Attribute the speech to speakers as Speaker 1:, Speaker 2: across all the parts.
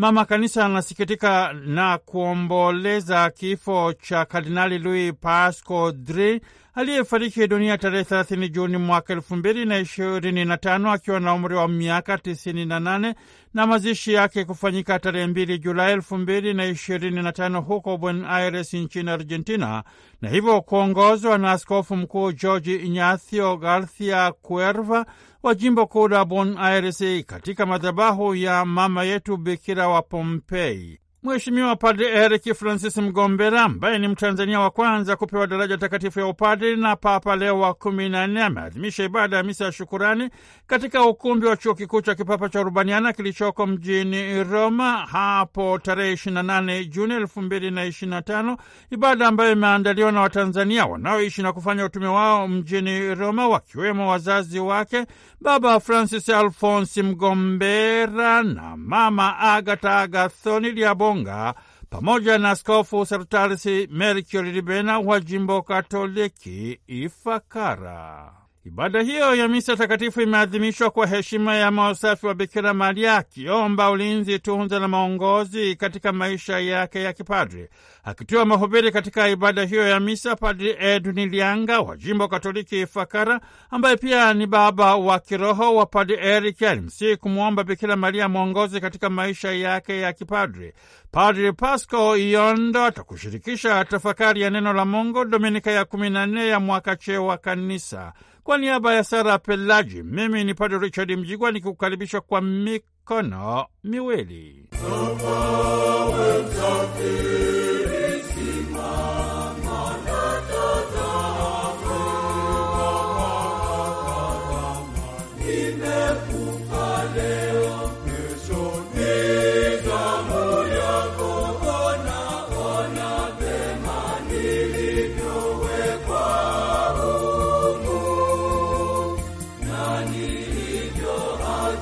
Speaker 1: Mama Kanisa anasikitika na kuomboleza kifo cha Kardinali louis Pasco Dri aliyefariki dunia tarehe 30 Juni mwaka elfu mbili na ishirini na tano akiwa na umri wa miaka tisini na nane na mazishi yake kufanyika tarehe mbili Julai elfu mbili na ishirini na tano huko Buenos Aires nchini Argentina, na hivyo kuongozwa na askofu mkuu George Ignacio Garcia Cuerva wa jimbo kuu la Buenos Aires katika madhabahu ya mama yetu Bikira wa Pompei. Mheshimiwa Padre Eric Francis Mgombera ambaye ni Mtanzania wa kwanza kupewa daraja takatifu ya upadri na Papa Leo wa kumi na nne ameadhimisha ibada ya misa ya shukurani katika ukumbi wa chuo kikuu cha kipapa cha Urbaniana kilichoko mjini Roma hapo tarehe 28 Juni tano, ibada ambayo imeandaliwa na Watanzania wanaoishi na kufanya utume wao mjini Roma, wakiwemo wazazi wake Baba Francis Alfonsi Mgombera na Mama Agata Agathoni Liabo Kakonga pamoja na Askofu Salutasi Melkior Libena wa jimbo Katoliki Ifakara. Ibada hiyo ya misa takatifu imeadhimishwa kwa heshima ya mausafi wa Bikira Maria, akiomba ulinzi, tunza na maongozi katika maisha yake ya kipadri. Akitoa mahubiri katika ibada hiyo ya misa, Padri Edwin Lianga wa jimbo Katoliki Ifakara, ambaye pia ni baba wa kiroho wa Padri Eric, alimsihi kumwomba Bikira Maria mwongozi katika maisha yake ya kipadri. Padri Pasco Iondo atakushirikisha tafakari ya neno la Mungu, Dominika ya kumi na nne ya mwaka C wa Kanisa. Kwa niaba ya Sara Pelaji, mimi ni Padre Richard Mjigwa nikikukaribisha kwa mikono miwili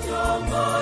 Speaker 2: Your mind.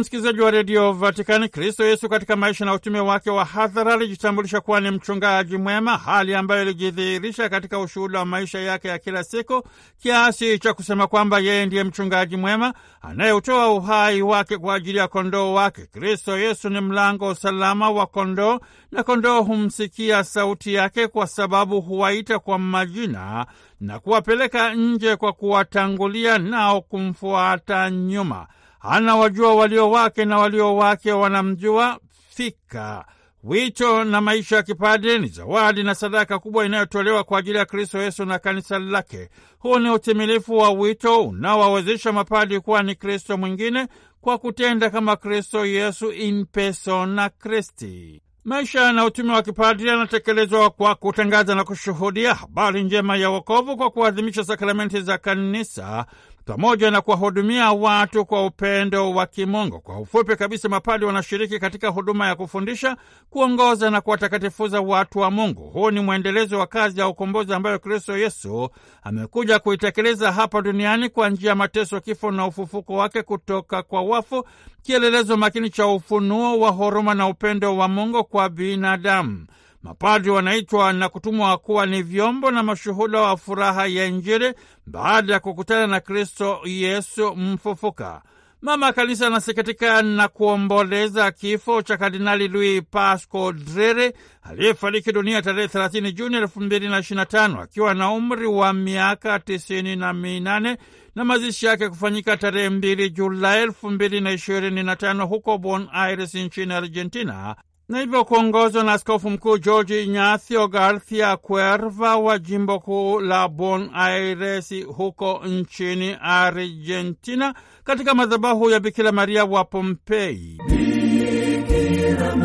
Speaker 1: msikilizaji wa redio Vatikani, Kristo Yesu katika maisha na utume wake wa hadhara alijitambulisha kuwa ni mchungaji mwema, hali ambayo ilijidhihirisha katika ushuhuda wa maisha yake ya kila siku, kiasi cha kusema kwamba yeye ndiye mchungaji mwema anayeutoa uhai wake kwa ajili ya kondoo wake. Kristo Yesu ni mlango usalama wa kondoo, na kondoo humsikia sauti yake, kwa sababu huwaita kwa majina na kuwapeleka nje kwa kuwatangulia, nao kumfuata nyuma anawajua walio wake na walio wake wanamjua fika. Wito na maisha ya kipadre ni zawadi na sadaka kubwa inayotolewa kwa ajili ya Kristo Yesu na kanisa lake. Huu ni utimilifu wa wito unaowawezesha mapadi kuwa ni Kristo mwingine kwa kutenda kama Kristo Yesu in persona Christi. Maisha na utume wa kipadri yanatekelezwa kwa kutangaza na kushuhudia habari njema ya wokovu kwa kuadhimisha sakramenti za kanisa pamoja na kuwahudumia watu kwa upendo wa kimungu. Kwa ufupi kabisa, mapadi wanashiriki katika huduma ya kufundisha, kuongoza na kuwatakatifuza watu wa Mungu. Huu ni mwendelezo wa kazi ya ukombozi ambayo Kristo Yesu amekuja kuitekeleza hapa duniani kwa njia ya mateso, kifo na ufufuko wake kutoka kwa wafu, kielelezo makini cha ufunuo wa huruma na upendo wa Mungu kwa binadamu. Mapadri wanaitwa na kutumwa kuwa ni vyombo na mashuhuda wa furaha ya Injili baada ya kukutana na Kristo Yesu mfufuka. Mama Kanisa anasikitika na kuomboleza kifo cha Kardinali Luis Pasco Drere aliyefariki dunia tarehe 30 Juni 2025 akiwa na umri wa miaka 98 na mazishi yake kufanyika tarehe 2 Julai 2025 huko Buenos Aires nchini Argentina na hivyo kuongozwa na askofu mkuu George nyathio Garcia Cuerva wa jimbo kuu la Buenos Aires huko nchini Argentina, katika madhabahu ya Bikira Maria wa Pompei. Bikira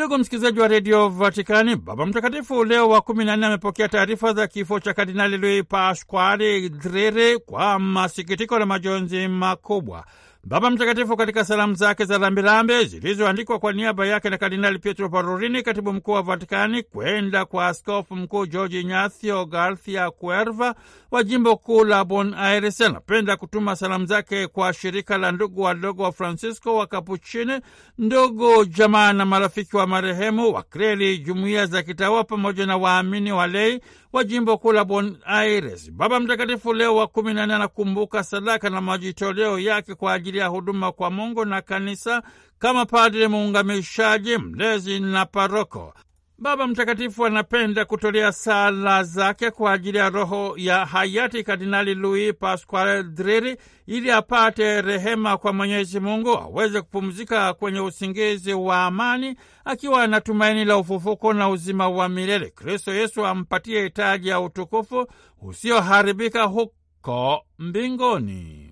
Speaker 1: Ndugu msikilizaji wa redio Vatikani, Baba Mtakatifu Leo wa kumi na nne amepokea taarifa za kifo cha Kardinali Luis Pasquale Drere kwa masikitiko na majonzi makubwa. Baba Mtakatifu katika salamu zake za rambirambe zilizoandikwa kwa niaba yake na Kardinali Pietro Parolin, katibu mkuu wa Vatikani, kwenda kwa askofu mkuu George Ignacio Garcia Cuerva wa jimbo kuu la Buenos Aires, anapenda kutuma salamu zake kwa shirika la ndugu wadogo wa Francisco wa Kapuchini, ndugu jamaa na marafiki wa marehemu, wakreli, jumuiya za kitawa pamoja na waamini walei wa jimbo kuu la Buenos Aires. Baba Mtakatifu Leo wa kumi na nne anakumbuka sadaka na majitoleo yake kwa ajili ya huduma kwa Mungu na kanisa kama padri muungamishaji, mlezi na paroko. Baba Mtakatifu anapenda kutolea sala zake kwa ajili ya roho ya hayati Kardinali louis Pasquale Dreri ili apate rehema kwa Mwenyezi Mungu, aweze kupumzika kwenye usingizi wa amani akiwa na tumaini la ufufuko na uzima wa milele. Kristo Yesu ampatie hitaji ya utukufu usioharibika huko
Speaker 2: mbinguni.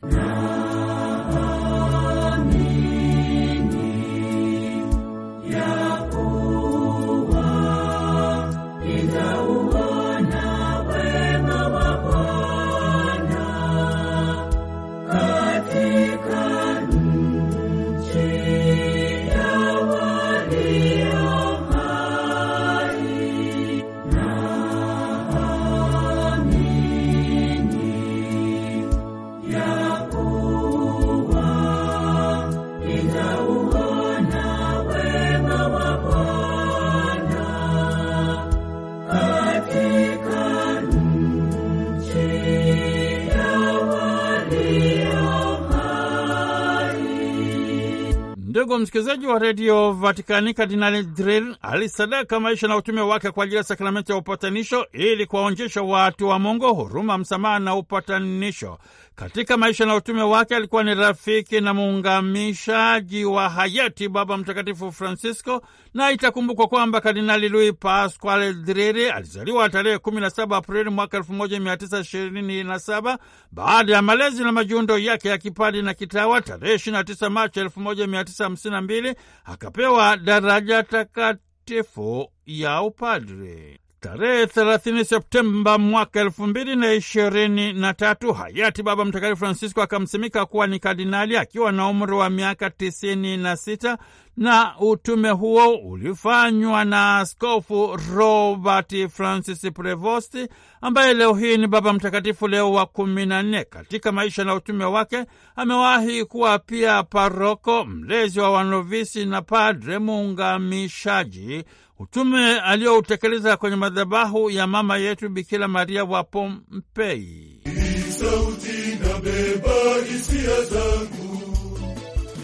Speaker 1: msikilizaji wa redio Vatikani, Kardinali Dril alisadaka maisha na utume wake kwa ajili ya sakramenti ya upatanisho ili kuwaonjesha watu wa Mungu huruma, msamaha na upatanisho. Katika maisha na utume wake alikuwa ni rafiki na muungamishaji wa hayati Baba Mtakatifu Francisco, na itakumbukwa kwamba Kardinali Luis Pasquale Driri alizaliwa tarehe 17 Aprili mwaka 1927 baada ya malezi na majiundo yake ya kipadi na kitawa. Tarehe 29 Machi 1952 akapewa daraja takatifu ya upadre. Tarehe 30 Septemba mwaka elfu mbili na ishirini na tatu hayati Baba Mtakatifu Francisco akamsimika kuwa ni kardinali akiwa na umri wa miaka tisini na sita na utume huo ulifanywa na Askofu Robert Francis Prevost ambaye leo hii ni Baba Mtakatifu Leo wa kumi na nne. Katika maisha na utume wake amewahi kuwa pia paroko, mlezi wa wanovisi na padre muungamishaji utume aliyoutekeleza kwenye madhabahu ya mama yetu Bikira Maria wa Pompei. Hii
Speaker 2: sauti inabeba hisia zangu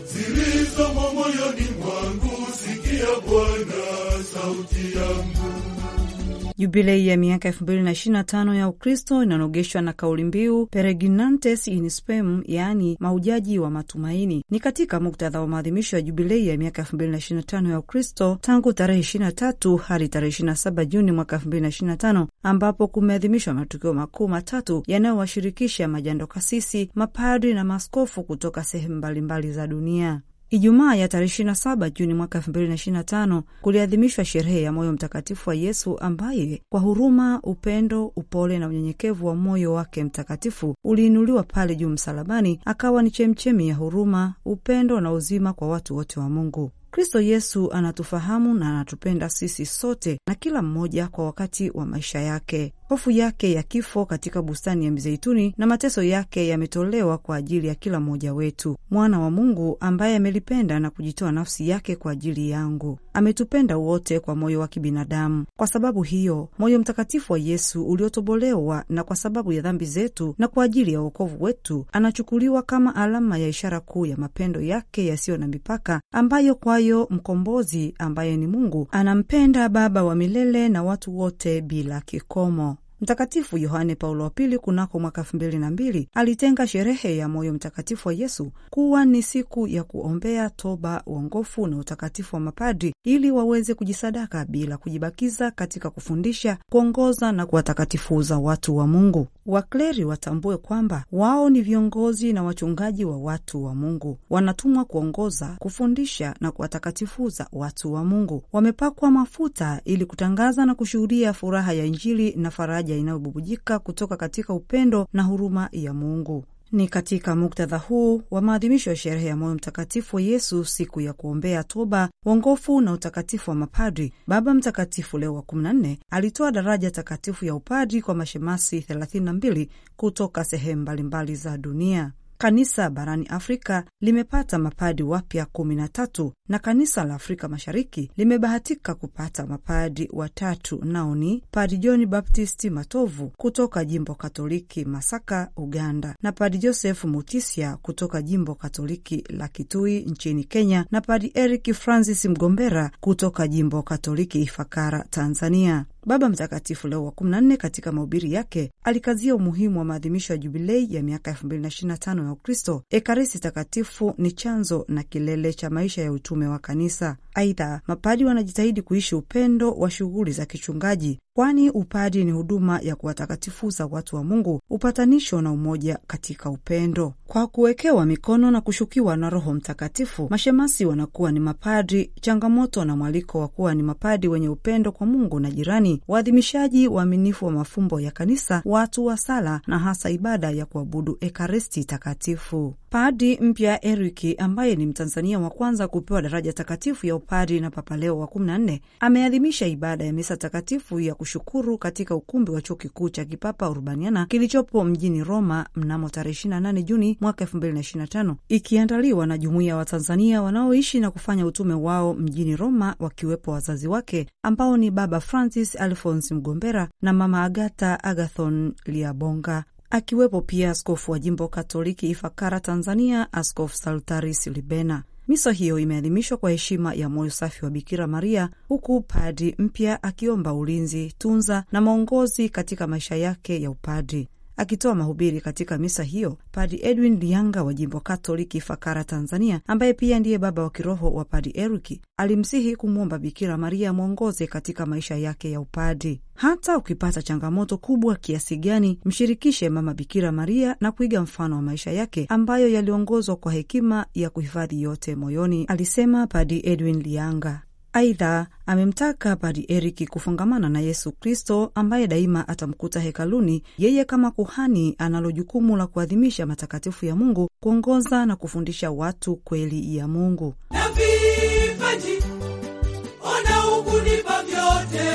Speaker 2: zilizomo moyoni mwangu, sikia Bwana sauti yangu
Speaker 3: Jubilei ya miaka 2025 ya Ukristo inanogeshwa na kauli mbiu Peregrinantes in Spem, yaani maujaji wa matumaini. Ni katika muktadha wa maadhimisho ya jubilei ya miaka 2025 ya Ukristo tangu tarehe 23 hadi tarehe 27 Juni mwaka 2025 ambapo kumeadhimishwa matukio makuu matatu yanayowashirikisha majando kasisi, mapadri na maskofu kutoka sehemu mbalimbali za dunia. Ijumaa ya tarehe 27 Juni mwaka 2025 kuliadhimishwa sherehe ya moyo mtakatifu wa Yesu, ambaye kwa huruma, upendo, upole na unyenyekevu wa moyo wake mtakatifu uliinuliwa pale juu msalabani, akawa ni chemchemi ya huruma, upendo na uzima kwa watu wote wa Mungu. Kristo Yesu anatufahamu na anatupenda sisi sote na kila mmoja kwa wakati wa maisha yake. Hofu yake ya kifo katika bustani ya Mizeituni na mateso yake yametolewa kwa ajili ya kila mmoja wetu. Mwana wa Mungu ambaye amelipenda na kujitoa nafsi yake kwa ajili yangu, ametupenda wote kwa moyo wa kibinadamu. Kwa sababu hiyo, moyo mtakatifu wa Yesu uliotobolewa, na kwa sababu ya dhambi zetu na kwa ajili ya wokovu wetu, anachukuliwa kama alama ya ishara kuu ya mapendo yake yasiyo na mipaka, ambayo kwayo mkombozi ambaye ni Mungu anampenda Baba wa milele na watu wote bila kikomo. Mtakatifu Yohane Paulo wa Pili kunako mwaka elfu mbili na mbili alitenga sherehe ya moyo mtakatifu wa Yesu kuwa ni siku ya kuombea toba, uongofu na utakatifu wa mapadri ili waweze kujisadaka bila kujibakiza katika kufundisha, kuongoza na kuwatakatifuza watu wa Mungu. Wakleri watambue kwamba wao ni viongozi na wachungaji wa watu wa Mungu, wanatumwa kuongoza, kufundisha na kuwatakatifuza watu wa Mungu. Wamepakwa mafuta ili kutangaza na kushuhudia furaha ya Injili na faraja faraja inayobubujika kutoka katika upendo na huruma ya Mungu. Ni katika muktadha huu wa maadhimisho ya sherehe ya moyo mtakatifu wa Yesu, siku ya kuombea toba, uongofu na utakatifu wa mapadri, Baba Mtakatifu Leo wa 14 alitoa daraja takatifu ya upadri kwa mashemasi 32 kutoka sehemu mbalimbali za dunia. Kanisa barani Afrika limepata mapadi wapya kumi na tatu na kanisa la Afrika Mashariki limebahatika kupata mapadi watatu, nao ni Padi John Baptisti Matovu kutoka jimbo Katoliki Masaka, Uganda, na Padi Joseph mutisia kutoka jimbo Katoliki la Kitui nchini Kenya, na Padi Eric Francis Mgombera kutoka jimbo Katoliki Ifakara, Tanzania. Baba Mtakatifu Leo wa 14 katika mahubiri yake alikazia umuhimu wa maadhimisho ya jubilei ya miaka 2025 ya Ukristo. Ekaristi takatifu ni chanzo na kilele cha maisha ya utume wa kanisa. Aidha, mapadi wanajitahidi kuishi upendo wa shughuli za kichungaji, kwani upadi ni huduma ya kuwatakatifuza watu wa Mungu, upatanisho na umoja katika upendo. Kwa kuwekewa mikono na kushukiwa na Roho Mtakatifu, mashemasi wanakuwa ni mapadi. Changamoto na mwaliko wa kuwa ni mapadi wenye upendo kwa Mungu na jirani, waadhimishaji waaminifu wa mafumbo ya kanisa, watu wa sala na hasa ibada ya kuabudu Ekaristi Takatifu. Padi mpya Eriki ambaye ni Mtanzania wa kwanza kupewa daraja takatifu ya upadi na Papa Leo wa 14 ameadhimisha ibada ya misa takatifu ya kushukuru katika ukumbi wa chuo kikuu cha kipapa Urbaniana kilichopo mjini Roma mnamo tarehe 28 Juni mwaka 2025 ikiandaliwa na jumuiya ya Watanzania wanaoishi na kufanya utume wao mjini Roma, wakiwepo wazazi wake ambao ni Baba Francis Alphonse Mgombera na Mama Agata Agathon Liabonga akiwepo pia askofu wa jimbo Katoliki Ifakara, Tanzania, Askofu Saltaris Libena. Misa hiyo imeadhimishwa kwa heshima ya moyo safi wa Bikira Maria, huku padi mpya akiomba ulinzi, tunza na maongozi katika maisha yake ya upadi. Akitoa mahubiri katika misa hiyo, Padi Edwin Lianga wa jimbo Katoliki fakara Tanzania, ambaye pia ndiye baba wa kiroho wa Padi Eriki, alimsihi kumwomba Bikira Maria amwongoze katika maisha yake ya upadi. Hata ukipata changamoto kubwa kiasi gani, mshirikishe Mama Bikira Maria na kuiga mfano wa maisha yake ambayo yaliongozwa kwa hekima ya kuhifadhi yote moyoni, alisema Padi Edwin Lianga. Aidha, amemtaka Padri Eriki kufungamana na Yesu Kristo ambaye daima atamkuta hekaluni. Yeye kama kuhani analo jukumu la kuadhimisha matakatifu ya Mungu, kuongoza na kufundisha watu kweli ya Mungu. Na
Speaker 2: ona vyote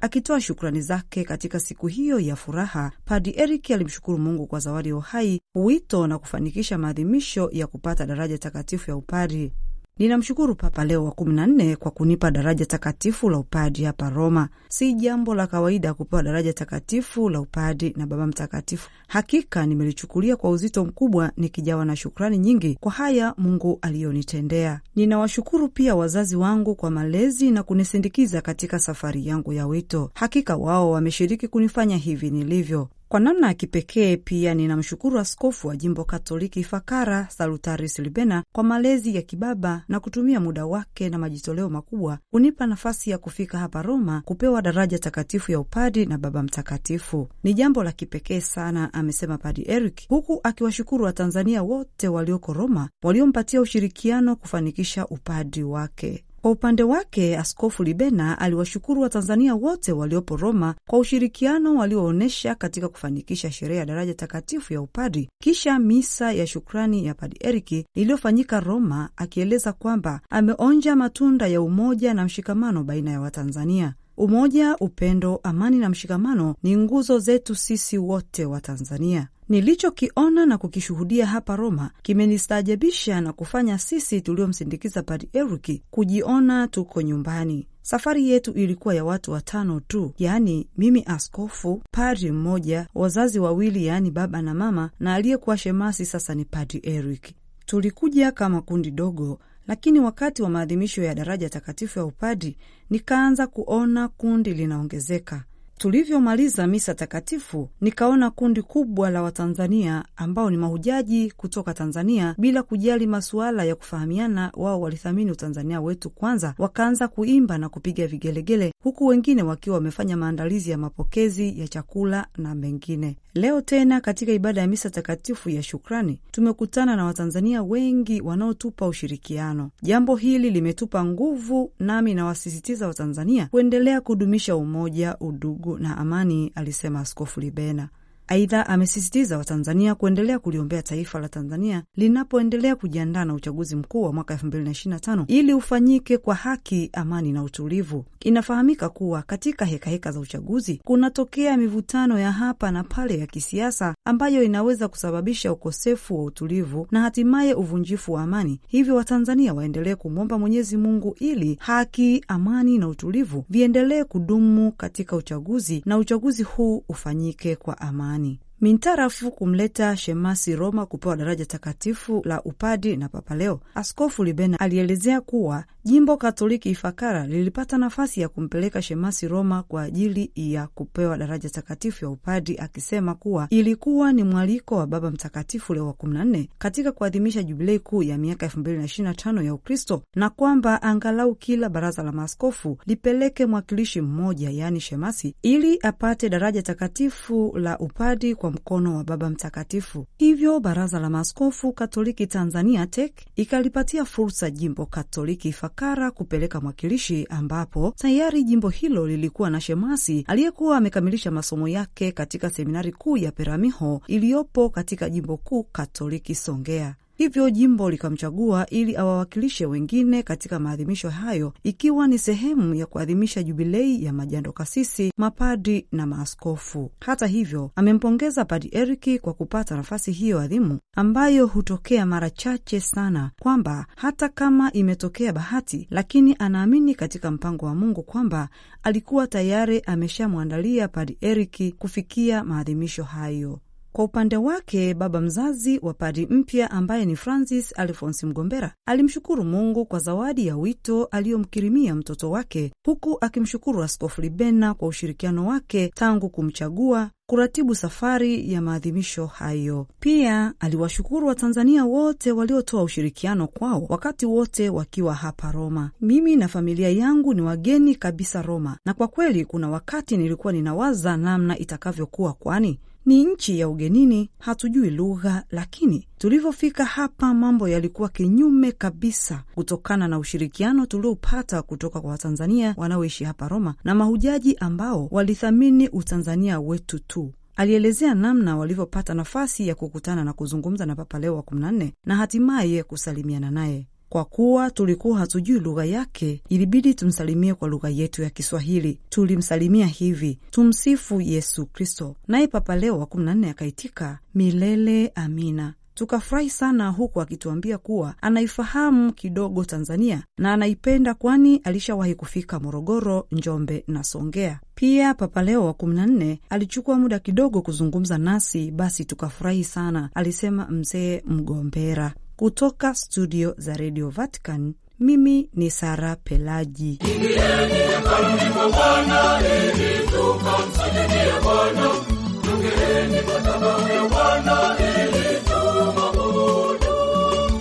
Speaker 3: Akitoa shukrani zake katika siku hiyo ya furaha, Padi eriki alimshukuru Mungu kwa zawadi ya uhai, wito na kufanikisha maadhimisho ya kupata daraja takatifu ya upari. Ninamshukuru Papa Leo wa kumi nne kwa kunipa daraja takatifu la upadi hapa Roma. Si jambo la kawaida kupewa daraja takatifu la upadi na Baba Mtakatifu. Hakika nimelichukulia kwa uzito mkubwa, nikijawa na shukrani nyingi kwa haya Mungu aliyonitendea. Ninawashukuru pia wazazi wangu kwa malezi na kunisindikiza katika safari yangu ya wito. Hakika wao wameshiriki kunifanya hivi nilivyo. Kwa namna ya kipekee pia ninamshukuru askofu wa jimbo Katoliki Ifakara Salutaris Libena kwa malezi ya kibaba na kutumia muda wake na majitoleo makubwa kunipa nafasi ya kufika hapa Roma kupewa daraja takatifu ya upadi na Baba Mtakatifu. Ni jambo la kipekee sana, amesema Padi Eric, huku akiwashukuru Watanzania wote walioko Roma waliompatia ushirikiano kufanikisha upadi wake. Kwa upande wake, Askofu Libena aliwashukuru Watanzania wote waliopo Roma kwa ushirikiano walioonyesha katika kufanikisha sherehe ya daraja takatifu ya upadri kisha misa ya shukrani ya padi Eriki iliyofanyika Roma, akieleza kwamba ameonja matunda ya umoja na mshikamano baina ya Watanzania. Umoja, upendo, amani na mshikamano ni nguzo zetu sisi wote wa Tanzania. Nilichokiona na kukishuhudia hapa Roma kimenistaajabisha na kufanya sisi tuliomsindikiza Padre Eric kujiona tuko nyumbani. Safari yetu ilikuwa ya watu watano tu, yaani mimi, askofu, padri mmoja, wazazi wawili, yaani baba na mama, na aliyekuwa shemasi sasa ni Padri Eric. Tulikuja kama kundi dogo lakini wakati wa maadhimisho ya daraja takatifu ya upadi nikaanza kuona kundi linaongezeka. Tulivyomaliza misa takatifu, nikaona kundi kubwa la Watanzania ambao ni mahujaji kutoka Tanzania. Bila kujali masuala ya kufahamiana, wao walithamini utanzania wetu kwanza, wakaanza kuimba na kupiga vigelegele, huku wengine wakiwa wamefanya maandalizi ya mapokezi ya chakula na mengine. Leo tena katika ibada ya misa takatifu ya shukrani, tumekutana na Watanzania wengi wanaotupa ushirikiano. Jambo hili limetupa nguvu, nami nawasisitiza Watanzania kuendelea kudumisha umoja, udugu na amani, alisema Askofu Libena. Aidha, amesisitiza Watanzania kuendelea kuliombea taifa la Tanzania linapoendelea kujiandaa na uchaguzi mkuu wa mwaka 2025 ili ufanyike kwa haki, amani na utulivu. Inafahamika kuwa katika hekaheka heka za uchaguzi kunatokea mivutano ya hapa na pale ya kisiasa ambayo inaweza kusababisha ukosefu wa utulivu na hatimaye uvunjifu wa amani. Hivyo Watanzania waendelee kumwomba Mwenyezi Mungu ili haki, amani na utulivu viendelee kudumu katika uchaguzi na uchaguzi huu ufanyike kwa amani. Giovanni mintarafu kumleta shemasi Roma kupewa daraja takatifu la upadi na Papa Leo, Askofu Libena alielezea kuwa jimbo Katoliki Ifakara lilipata nafasi ya kumpeleka shemasi Roma kwa ajili ya kupewa daraja takatifu ya upadi, akisema kuwa ilikuwa ni mwaliko wa Baba Mtakatifu Leo wa 14 katika kuadhimisha jubilei kuu ya miaka 2025 ya Ukristo, na kwamba angalau kila baraza la maaskofu lipeleke mwakilishi mmoja, yaani shemasi, ili apate daraja takatifu la upadi kwa mkono wa Baba Mtakatifu. Hivyo Baraza la Maaskofu Katoliki Tanzania TEC ikalipatia fursa jimbo Katoliki Ifakara kupeleka mwakilishi, ambapo tayari jimbo hilo lilikuwa na shemasi aliyekuwa amekamilisha masomo yake katika seminari kuu ya Peramiho iliyopo katika jimbo kuu Katoliki Songea hivyo jimbo likamchagua ili awawakilishe wengine katika maadhimisho hayo, ikiwa ni sehemu ya kuadhimisha jubilei ya majando kasisi, mapadri na maaskofu. Hata hivyo, amempongeza Padri Eriki kwa kupata nafasi hiyo adhimu ambayo hutokea mara chache sana, kwamba hata kama imetokea bahati, lakini anaamini katika mpango wa Mungu kwamba alikuwa tayari ameshamwandalia Padri Eriki kufikia maadhimisho hayo. Kwa upande wake baba mzazi wa padri mpya ambaye ni Francis Alfonsi Mgombera alimshukuru Mungu kwa zawadi ya wito aliyomkirimia mtoto wake, huku akimshukuru Askofu Libena kwa ushirikiano wake tangu kumchagua kuratibu safari ya maadhimisho hayo. Pia aliwashukuru Watanzania wote waliotoa ushirikiano kwao wakati wote wakiwa hapa Roma. Mimi na familia yangu ni wageni kabisa Roma, na kwa kweli kuna wakati nilikuwa ninawaza namna itakavyokuwa, kwani ni nchi ya ugenini, hatujui lugha, lakini tulivyofika hapa mambo yalikuwa kinyume kabisa, kutokana na ushirikiano tuliopata kutoka kwa Watanzania wanaoishi hapa Roma na mahujaji ambao walithamini utanzania wetu tu. Alielezea namna walivyopata nafasi ya kukutana na kuzungumza na Papa Leo wa 14 na hatimaye kusalimiana naye. Kwa kuwa tulikuwa hatujui lugha yake, ilibidi tumsalimie kwa lugha yetu ya Kiswahili. Tulimsalimia hivi: tumsifu Yesu Kristo. Naye Papa Leo wa 14 akaitika milele amina. Tukafurahi sana huku akituambia kuwa anaifahamu kidogo Tanzania na anaipenda, kwani alishawahi kufika Morogoro, Njombe na Songea. Pia Papa Leo wa kumi na nne alichukua muda kidogo kuzungumza nasi, basi tukafurahi sana, alisema Mzee Mgombera. Kutoka studio za Radio Vatican, mimi ni Sara Pelaji.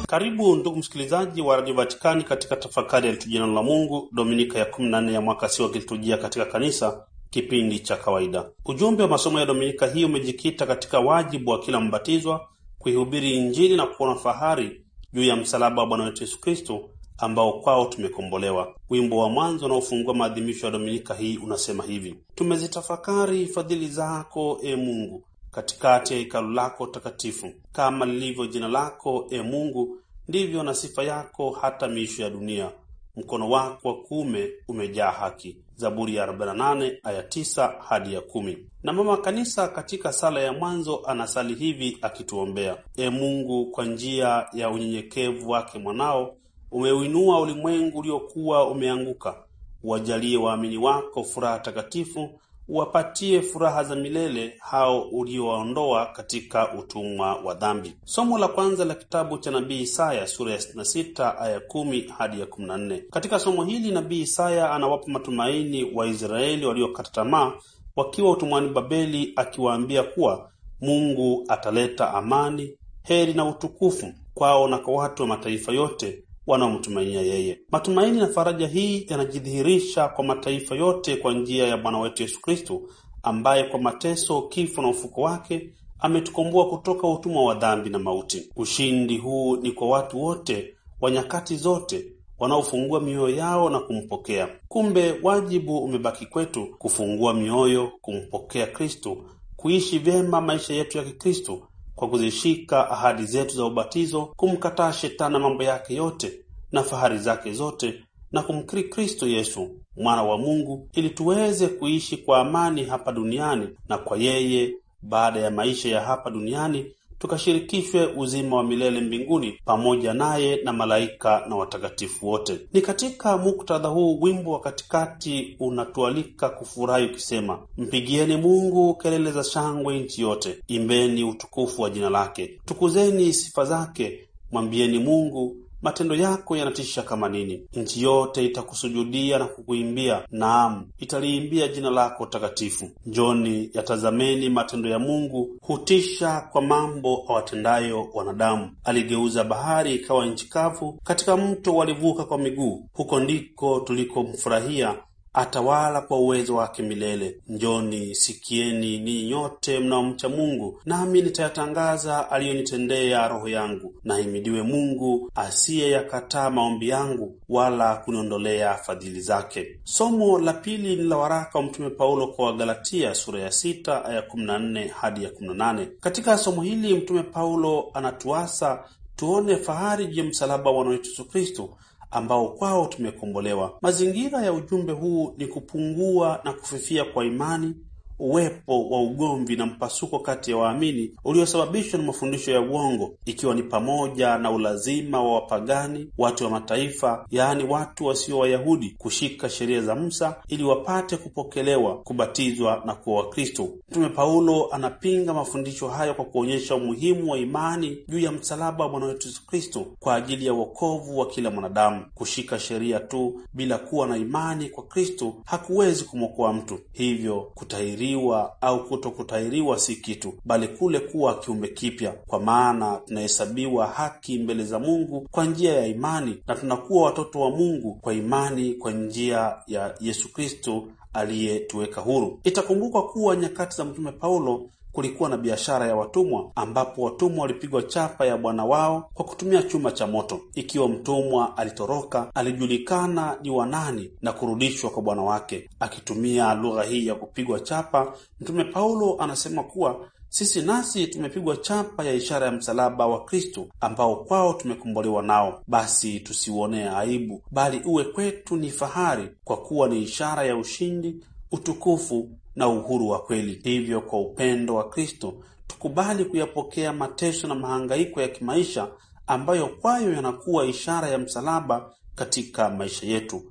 Speaker 4: Karibu ndugu msikilizaji wa Radio Vatikani katika tafakari ya litujia neno la Mungu, dominika ya 14 ya mwaka sio wa katika kanisa, kipindi cha kawaida. Ujumbe wa masomo ya dominika hii umejikita katika wajibu wa kila mbatizwa kuihubiri Injili na kuona fahari juu ya msalaba wa Bwana wetu Yesu Kristo ambao kwao tumekombolewa. Wimbo wa mwanzo unaofungua maadhimisho ya Dominika hii unasema hivi: tumezitafakari fadhili zako e Mungu, katikati ya hekalu lako takatifu. Kama lilivyo jina lako e Mungu, ndivyo na sifa yako hata miisho ya dunia. Mkono wako wa kuume umejaa haki, Zaburi ya 48 aya 9 hadi ya kumi. Na mama kanisa katika sala ya mwanzo anasali hivi akituombea: E Mungu, kwa njia ya unyenyekevu wake mwanao umeuinua ulimwengu uliokuwa umeanguka, wajalie waamini wako furaha takatifu uwapatie furaha za milele hao uliowaondoa katika utumwa wa dhambi. Somo la kwanza la kitabu cha nabii Isaya sura ya 66 aya 10 hadi ya 14. Katika somo hili nabii Isaya anawapa matumaini Waisraeli waliokata tamaa wakiwa utumwani Babeli, akiwaambia kuwa Mungu ataleta amani, heri na utukufu kwao na kwa watu wa mataifa yote wanaomtumainia yeye. Matumaini na faraja hii yanajidhihirisha kwa mataifa yote kwa njia ya Bwana wetu Yesu kristu ambaye kwa mateso, kifo na ufuko wake ametukomboa kutoka utumwa wa dhambi na mauti. Ushindi huu ni kwa watu wote wa nyakati zote wanaofungua mioyo yao na kumpokea. Kumbe wajibu umebaki kwetu kufungua mioyo, kumpokea kristu kuishi vyema maisha yetu ya kikristu kwa kuzishika ahadi zetu za ubatizo, kumkataa shetani na mambo yake yote na fahari zake zote na kumkiri Kristo Yesu mwana wa Mungu ili tuweze kuishi kwa amani hapa duniani na kwa yeye, baada ya maisha ya hapa duniani tukashirikishwe uzima wa milele mbinguni pamoja naye na malaika na watakatifu wote. Ni katika muktadha huu wimbo wa katikati unatualika kufurahi ukisema, mpigieni Mungu kelele za shangwe nchi yote, imbeni utukufu wa jina lake, tukuzeni sifa zake, mwambieni Mungu matendo yako yanatisha kama nini! Nchi yote itakusujudia na kukuimbia, naam, italiimbia jina lako takatifu. Njoni yatazameni matendo ya Mungu, hutisha kwa mambo awatendayo wanadamu. Aligeuza bahari ikawa nchi kavu, katika mto walivuka kwa miguu. Huko ndiko tulikomfurahia atawala kwa uwezo wake milele. Njoni sikieni, ninyi nyote mnaomcha Mungu, nami nitayatangaza aliyonitendea roho yangu. Nahimidiwe Mungu asiyeyakataa maombi yangu wala kuniondolea fadhili zake. Somo la pili ni la waraka wa Mtume Paulo kwa Wagalatia sura ya sita aya kumi na nne hadi ya kumi na nane. Katika somo hili Mtume Paulo anatuasa tuone fahari juu ya msalaba wa Yesu Kristo ambao kwao tumekombolewa. Mazingira ya ujumbe huu ni kupungua na kufifia kwa imani uwepo wa ugomvi na mpasuko kati ya waamini uliosababishwa na mafundisho ya uongo, ikiwa ni pamoja na ulazima wa wapagani, watu wa mataifa, yaani watu wasio Wayahudi, kushika sheria za Musa ili wapate kupokelewa, kubatizwa na kuwa Wakristo. Mtume Paulo anapinga mafundisho hayo kwa kuonyesha umuhimu wa imani juu ya msalaba wa Bwana wetu Yesu Kristo kwa ajili ya wokovu wa kila mwanadamu. Kushika sheria tu bila kuwa na imani kwa Kristo hakuwezi kumwokoa mtu, hivyo kutahiri kutahiriwa au kutokutahiriwa si kitu, bali kule kuwa kiumbe kipya, kwa maana tunahesabiwa haki mbele za Mungu kwa njia ya imani, na tunakuwa watoto wa Mungu kwa imani kwa njia ya Yesu Kristo aliyetuweka huru. Itakumbukwa kuwa nyakati za Mtume Paulo kulikuwa na biashara ya watumwa ambapo watumwa walipigwa chapa ya bwana wao kwa kutumia chuma cha moto. Ikiwa mtumwa alitoroka, alijulikana ni wanani na kurudishwa kwa bwana wake. Akitumia lugha hii ya kupigwa chapa, Mtume Paulo anasema kuwa sisi nasi tumepigwa chapa ya ishara ya msalaba wa Kristo ambao kwao tumekombolewa nao. Basi tusiuonee aibu, bali uwe kwetu ni fahari, kwa kuwa ni ishara ya ushindi, utukufu na uhuru wa kweli. Hivyo, kwa upendo wa Kristo tukubali kuyapokea mateso na mahangaiko ya kimaisha ambayo kwayo yanakuwa ishara ya msalaba katika maisha yetu.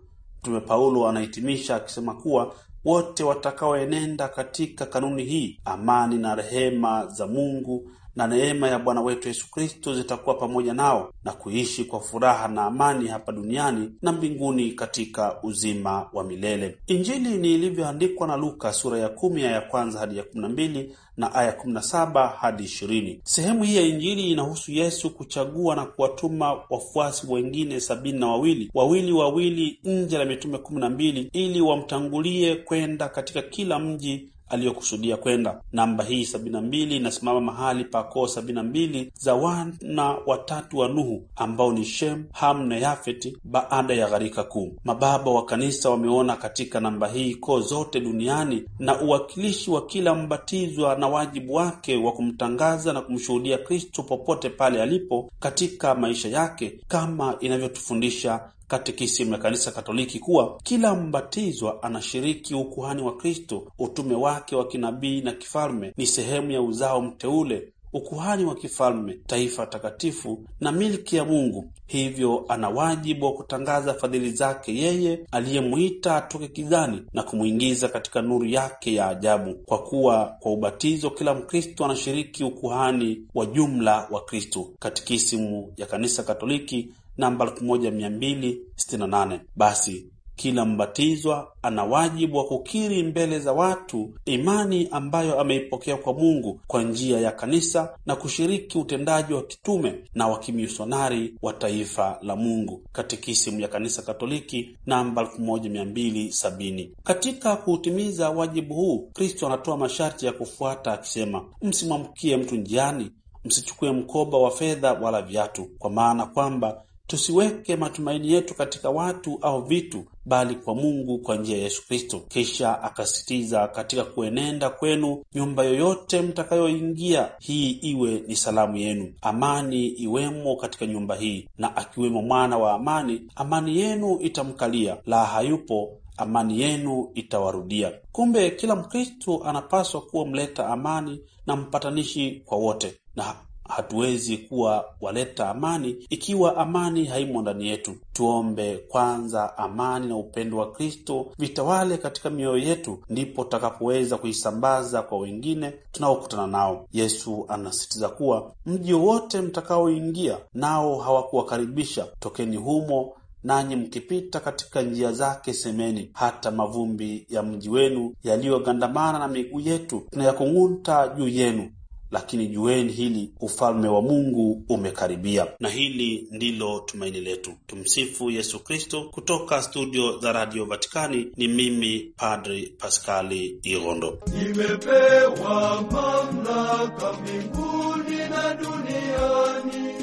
Speaker 4: Mtume Paulo anahitimisha akisema kuwa wote watakaoenenda katika kanuni hii, amani na rehema za Mungu na neema ya Bwana wetu Yesu Kristo zitakuwa pamoja nao na kuishi kwa furaha na amani hapa duniani na mbinguni katika uzima wa milele. Injili ni ilivyoandikwa na Luka sura ya kumi aya ya kwanza hadi ya kumi na mbili na aya kumi na saba hadi ishirini. Sehemu hii ya Injili inahusu Yesu kuchagua na kuwatuma wafuasi wengine sabini na wawili wawili wawili nje la mitume kumi na mbili ili wamtangulie kwenda katika kila mji aliyokusudia kwenda. Namba hii sabini na mbili inasimama mahali pa koo sabini na mbili za wana watatu wa Nuhu ambao ni Shem, Ham na Yafeti baada ya gharika kuu. Mababa wa kanisa wameona katika namba hii koo zote duniani na uwakilishi wa kila mbatizwa na wajibu wake wa kumtangaza na kumshuhudia Kristo popote pale alipo katika maisha yake kama inavyotufundisha katekisimu ya kanisa Katoliki kuwa kila mbatizwa anashiriki ukuhani wa Kristo, utume wake wa kinabii na kifalme, ni sehemu ya uzao mteule, ukuhani wa kifalme, taifa takatifu na milki ya Mungu. Hivyo ana wajibu wa kutangaza fadhili zake yeye aliyemwita atoke kizani na kumwingiza katika nuru yake ya ajabu, kwa kuwa kwa ubatizo kila Mkristo anashiriki ukuhani wa jumla wa Kristo. Katikisimu ya Kanisa Katoliki namba 1268. Basi kila mbatizwa ana wajibu wa kukiri mbele za watu imani ambayo ameipokea kwa Mungu kwa njia ya kanisa na kushiriki utendaji wa kitume na wa kimisionari wa taifa la Mungu. Katekisimu ya Kanisa Katoliki namba 1270. Katika kuutimiza wajibu huu, Kristo anatoa masharti ya kufuata akisema, msimwamkie mtu njiani, msichukue mkoba wa fedha wala viatu, kwa maana kwamba Tusiweke matumaini yetu katika watu au vitu, bali kwa Mungu kwa njia ya Yesu Kristo. Kisha akasisitiza, katika kuenenda kwenu, nyumba yoyote mtakayoingia, hii iwe ni salamu yenu. Amani iwemo katika nyumba hii, na akiwemo mwana wa amani, amani yenu itamkalia, la hayupo amani yenu itawarudia. Kumbe kila Mkristo anapaswa kuwa mleta amani na mpatanishi kwa wote, na hatuwezi kuwa waleta amani ikiwa amani haimo ndani yetu. Tuombe kwanza amani na upendo wa Kristo vitawale katika mioyo yetu, ndipo tutakapoweza kuisambaza kwa wengine tunaokutana nao. Yesu anasisitiza kuwa mji wowote mtakaoingia nao hawakuwakaribisha, tokeni humo nanyi mkipita katika njia zake semeni, hata mavumbi ya mji wenu yaliyogandamana na miguu yetu tunayakung'uta juu yenu, lakini jueni hili, ufalme wa Mungu umekaribia, na hili ndilo tumaini letu. Tumsifu Yesu Kristo. Kutoka studio za Radio Vatikani ni mimi Padri Paskali Irondo.
Speaker 2: Nimepewa mamlaka mbinguni na duniani,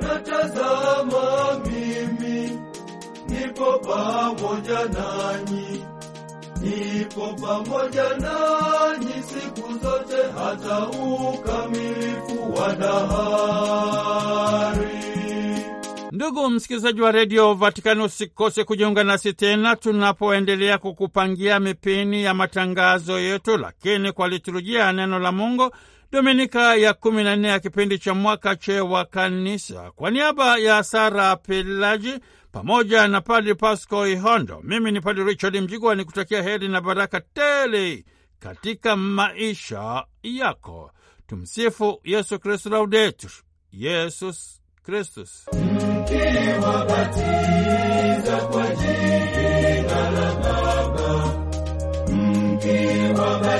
Speaker 2: natazama mimi nipo pamoja nanyi nipo pamoja nanyi siku zote hata ukamilifu wa dahari.
Speaker 1: Ndugu msikilizaji wa redio Vatikani, usikose kujiunga nasi tena tunapoendelea kukupangia mipini ya matangazo yetu, lakini kwa liturujia ya neno la Mungu, Dominika ya 14 ya kipindi cha mwaka che wa Kanisa. Kwa niaba ya Sara Pelaji pamoja na Padri Pasco Ihondo. Mimi ni Padri Richard Mjigwa ni kutakia heri na baraka tele katika maisha yako. Tumsifu Yesu Kristu, Laudetur Yesus
Speaker 2: Kristus. Mkiwabatiza kwa jina la Baba, mkiwabatiza